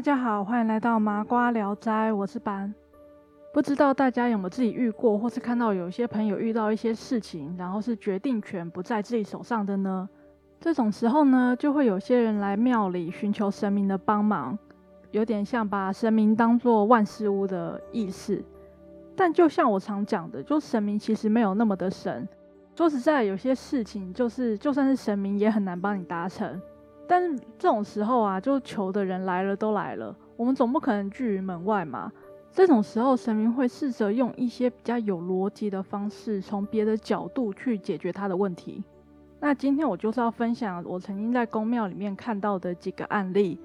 大家好，歡迎來到《麻瓜聊齋》，我是班。不知道大家有沒有自己遇過，或是看到有些朋友遇到一些事情，然後是決定權不在自己手上的呢？這種時候呢，就會有些人來廟裡尋求神明的幫忙，有點像把神明當作萬事屋的意思。但就像我常講的，就神明其實沒有那麼的神。說實在，有些事情就是，就算是神明也很難幫你達成。但是這種時候啊，就求的人來了都來了，我們總不可能拒於門外嘛。這種時候，神明會試着用一些比較有邏輯的方式，從別的角度去解決他的問題。那今天我就是要分享我曾經在宮廟裡面看到的幾個案例。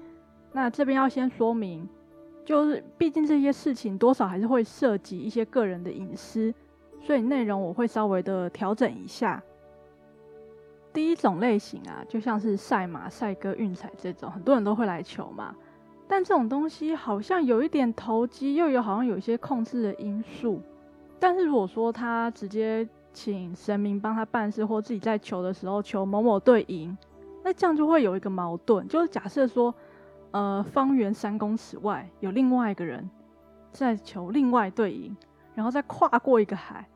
那這邊要先說明，就是畢竟這些事情多少還是會涉及一些個人的隱私，所以內容我會稍微的調整一下。第一種類型啊，就像是賽馬、賽鴿、運彩這種，很多人都會來求嘛。但這種東西好像有一點投機，又有好像有一些控制的因素。但是如果說他直接請神明幫他辦事，或自己在求的時候求某某隊贏，那這樣就會有一個矛盾，就是假設說，呃，方圓三公尺外有另外一個人在求另外隊贏，然後再跨過一個海，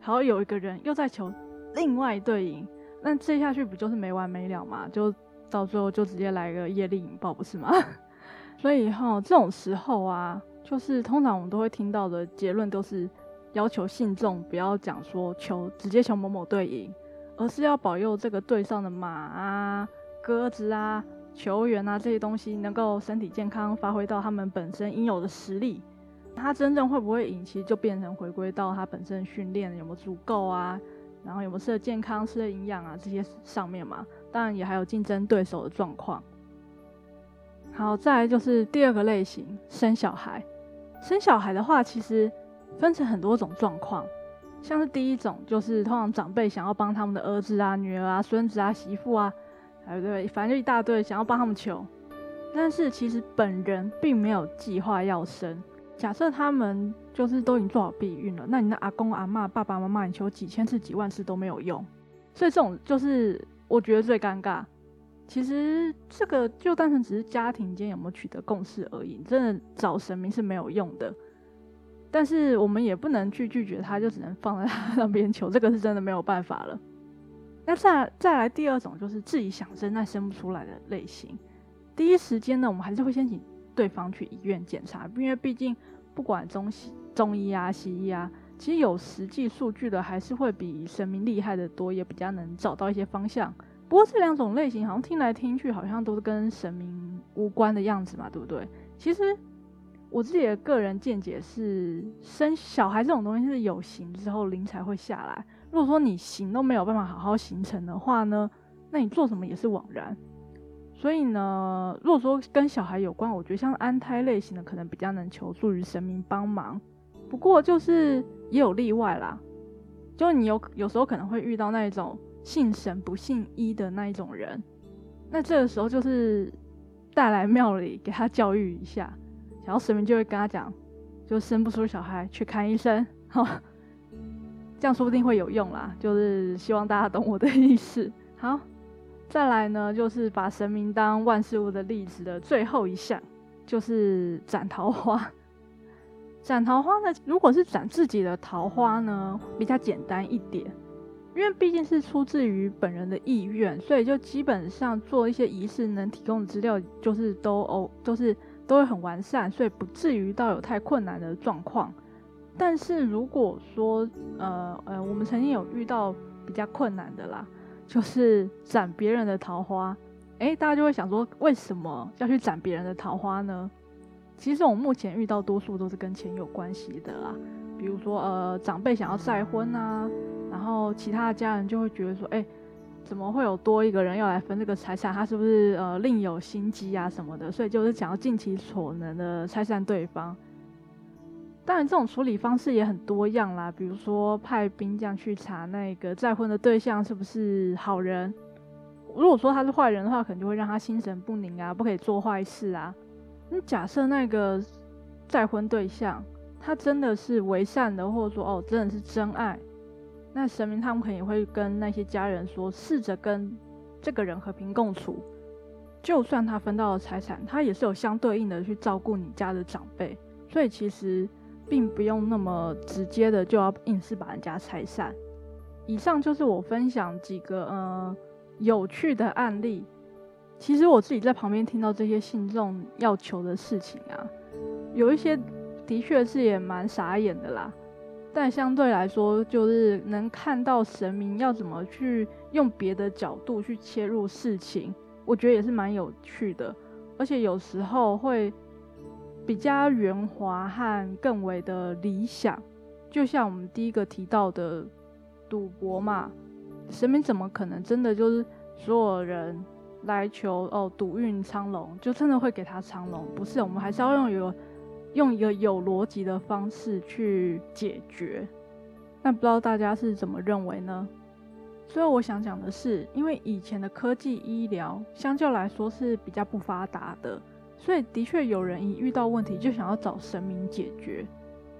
還要有一個人又在求另外隊贏。那這下去不就是沒完沒了嘛？就到最後就直接來個業力引爆不是嗎？ 所以哈，這種時候啊，就是通常我們都會聽到的結論都是要求信眾不要講說求直接求某某隊贏，而是要保佑這個隊上的馬啊、鴿子啊、球員啊這些東西能夠身體健康，發揮到他們本身應有的實力。他真正會不會贏，其實就變成回歸到他本身訓練有沒有足夠啊。然後有沒有吃的健康、吃的營養啊這些上面嘛，當然也還有競爭對手的狀況。好，再來就是第二個類型，生小孩。生小孩的話，其實分成很多種狀況，像是第一種就是通常長輩想要幫他們的兒子啊、女兒啊、孫子啊、媳婦啊，還有對，對，反正就一大堆想要幫他們求，但是其實本人並沒有計劃要生。假設他們就是都已經做好避孕了，那你的阿公阿嬤、爸爸媽媽，你求幾千次、幾萬次都沒有用，所以這種就是我覺得最尷尬。其實這個就單純只是家庭間有沒有取得共識而已，真的找神明是沒有用的。但是我們也不能去拒絕他，就只能放在他那邊求，這個是真的沒有辦法了。那再再來第二種，就是自己想生但生不出來的類型。第一時間呢，我們還是會先請。對方去醫院檢查，因為畢竟不管中西中醫啊、西醫啊，其實有實際數據的還是會比神明厲害得多，也比較能找到一些方向。不過這兩種類型好像聽來聽去好像都是跟神明無關的樣子嘛，對不對？其實我自己的個人見解是，生小孩這種東西是有形之後靈才會下來。如果說你形都沒有辦法好好形成的話呢，那你做什麼也是枉然。所以呢，如果說跟小孩有關，我覺得像安胎類型的，可能比較能求助於神明幫忙。不過就是也有例外啦，就你有有時候可能會遇到那一種信神不信醫的那一種人，那這個時候就是帶來廟裡給他教育一下，然後神明就會跟他講，就生不出小孩去看醫生，好，這樣說不定會有用啦。就是希望大家懂我的意思，好。再來呢，就是把神明當萬事屋的例子的最後一項，就是斬桃花。斬桃花呢，如果是斬自己的桃花呢，比較簡單一點，因為畢竟是出自於本人的意願，所以就基本上做一些儀式能提供的資料就，就是都哦，都是都會很完善，所以不至於到有太困難的狀況。但是如果說呃呃，我們曾經有遇到比較困難的啦。就是斬別人的桃花，哎、欸，大家就會想說，為什麼要去斬別人的桃花呢？其實我們目前遇到多數都是跟錢有關係的啦，比如說呃，長輩想要再婚啊，然後其他的家人就會覺得說，哎、欸，怎麼會有多一個人要來分這個財產？他是不是呃另有心機啊什麼的？所以就是想要盡其所能的拆散對方。當然，這種處理方式也很多樣啦。比如說，派兵將去查那個再婚的對象是不是好人。如果說他是壞人的話，可能就會讓他心神不寧啊，不可以做壞事啊。你假設那個再婚對象他真的是為善的，或者說哦真的是真愛，那神明他們可能也會跟那些家人說，試着跟這個人和平共處。就算他分到了財產，他也是有相對應的去照顧你家的長輩。所以其實。並不用那麼直接的，就要硬是把人家拆散。以上就是我分享幾個呃有趣的案例。其實我自己在旁邊聽到這些信眾要求的事情啊，有一些的確是也蠻傻眼的啦。但相對來說，就是能看到神明要怎麼去用別的角度去切入事情，我覺得也是蠻有趣的。而且有時候會比較圓滑和更為的理想，就像我們第一個提到的賭博嘛，神明怎麼可能真的就是所有人來求哦賭運昌隆，就真的會給他昌隆？不是，我們還是要用一個用一個有邏輯的方式去解決。但不知道大家是怎麼認為呢？最後我想講的是，因為以前的科技醫療相較來說是比較不發達的。所以，的確有人一遇到問題就想要找神明解決，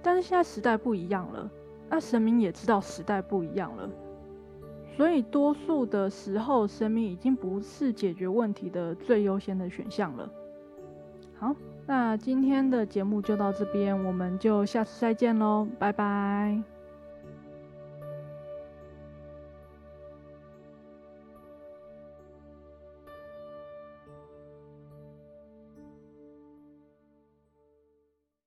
但是現在時代不一樣了，那神明也知道時代不一樣了，所以多數的時候，神明已經不是解決問題的最優先的選項了。好，那今天的節目就到這邊，我們就下次再見嘍，拜拜。